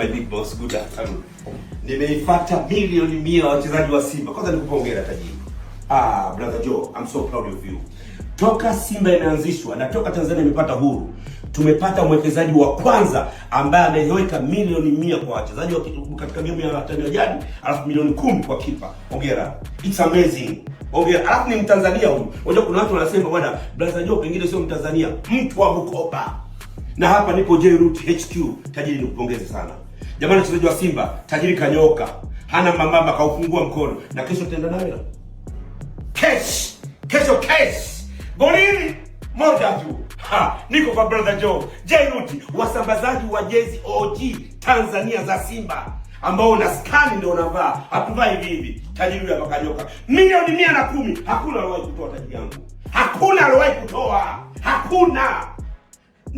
My big boss good afternoon. Nimeifuata milioni mia wachezaji wa Simba. Kwanza nikupongeza tajiri. Ah, brother Joe, I'm so proud of you. Toka Simba imeanzishwa na toka Tanzania imepata huru, tumepata mwekezaji wa kwanza ambaye ameweka milioni mia kwa wachezaji wa katika game ya watani wa jadi, alafu milioni kumi kwa kipa. Hongera. It's amazing. Hongera. Alafu ni Mtanzania huyu. Unajua kuna watu wanasema bwana, brother Joe pengine sio Mtanzania, mtu wa Bukoba. Na hapa nipo J Root HQ. Tajiri nikupongeze sana. Jamani, mchezaji wa Simba tajiri kanyoka, hana mamamba, kaufungua mkono na kesho tenda nayo cash kesho cash golini moja tu. Ha, niko kwa brother Joe Jairuti, wasambazaji wa jezi OG Tanzania za Simba ambao na skani ndio unavaa, hatuvaa hivi hivi. Tajiri huyu akanyoka milioni mia na kumi, hakuna aliwahi kutoa tajiri yangu, hakuna aliwahi kutoa, hakuna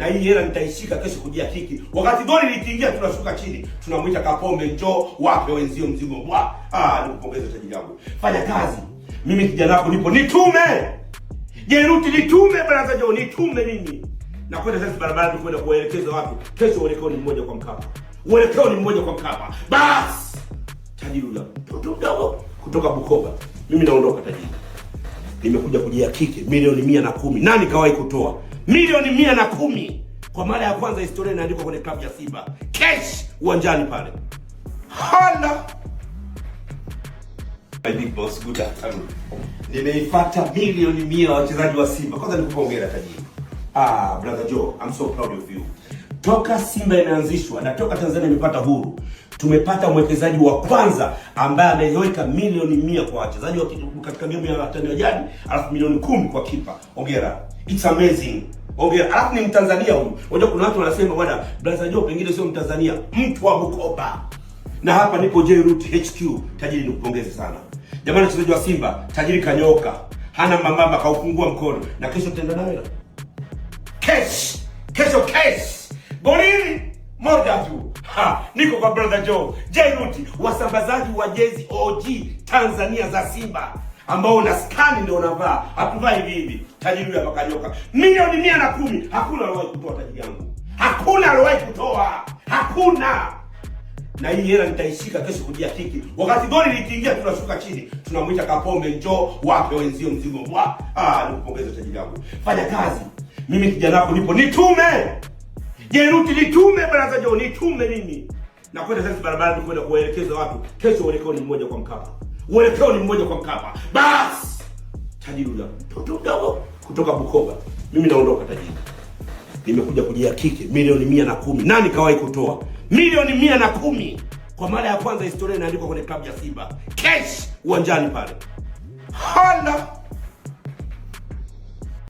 na hii hela nitaishika kesho kujia kiki. Wakati goli likiingia, tunashuka chini, tunamwita Kapombe, njoo wape wenzio mzigo bwa. Ah, nikupongeze tajiri yangu, fanya kazi. Mimi kijana wako nipo, nitume Jeruti, nitume baraza jo, nitume mimi na kwenda sasa barabara, kwenda kuelekeza wapi Kesho uelekeo ni mmoja kwa Mkapa, uelekeo ni mmoja kwa Mkapa. Bas tajiri ula mtoto mdogo kutoka Bukoba, mimi naondoka tajiri, nimekuja kujia kike milioni mia na kumi nani kawahi kutoa milioni mia na kumi kwa mara ya kwanza historia inaandikwa kwenye klabu ya Simba cash uwanjani pale. Hala, my big boss, good Nimeifuata milioni mia wachezaji wa Simba. Kwanza nikupongeza tajiri. Ah, brother Joe, I'm so proud of you. Toka Simba imeanzishwa na toka Tanzania imepata huru, tumepata mwekezaji wa kwanza ambaye ameweka milioni mia kwa wachezaji katika game ya watani wa jadi, alafu milioni kumi kwa kipa. Ongera, it's amazing. Ongea. Alafu ni Mtanzania huyu. Unajua kuna watu wanasema bwana, brother Joe pengine sio Mtanzania, mtu wa Bukoba. Na hapa nipo J-Root HQ. Tajiri nikupongeze sana. Jamani wachezaji wa Simba, tajiri kanyoka. Hana mamama kaufungua mkono na kesho tenda nawe. Cash. Kesho cash. Golini moja tu. Ha, niko kwa brother Joe. J-Root, wasambazaji wa jezi OG Tanzania za Simba ambao una skani ndio unavaa, hatuvaa hivi hivi. Tajiri huyo apakanyoka milioni mia na kumi, hakuna aliwahi kutoa tajiri yangu, hakuna aliwahi kutoa, hakuna na hii hela nitaishika kesho kujia tiki. Wakati goli likiingia, tunashuka chini, tunamwita Kapombe, njoo wape wenzio mzigo. Mwa ah, nikupongeze tajiri yangu, fanya kazi. Mimi kijana wako nipo, nitume Jeruti, nitume baraza jo, nitume mimi. Nakwenda sasa barabara, kwenda kuwaelekeza watu kesho, uelekeo ni mmoja kwa Mkapa uelekeo ni mmoja kwa Mkapa. Basi tajiri la mtoto mdogo kutoka Bukoba, mimi naondoka tajiri, nimekuja kujihakiki milioni mia na kumi. Nani kawahi kutoa milioni mia na kumi kwa mara ya kwanza? Historia inaandikwa kwenye klabu ya Simba, cash uwanjani pale hala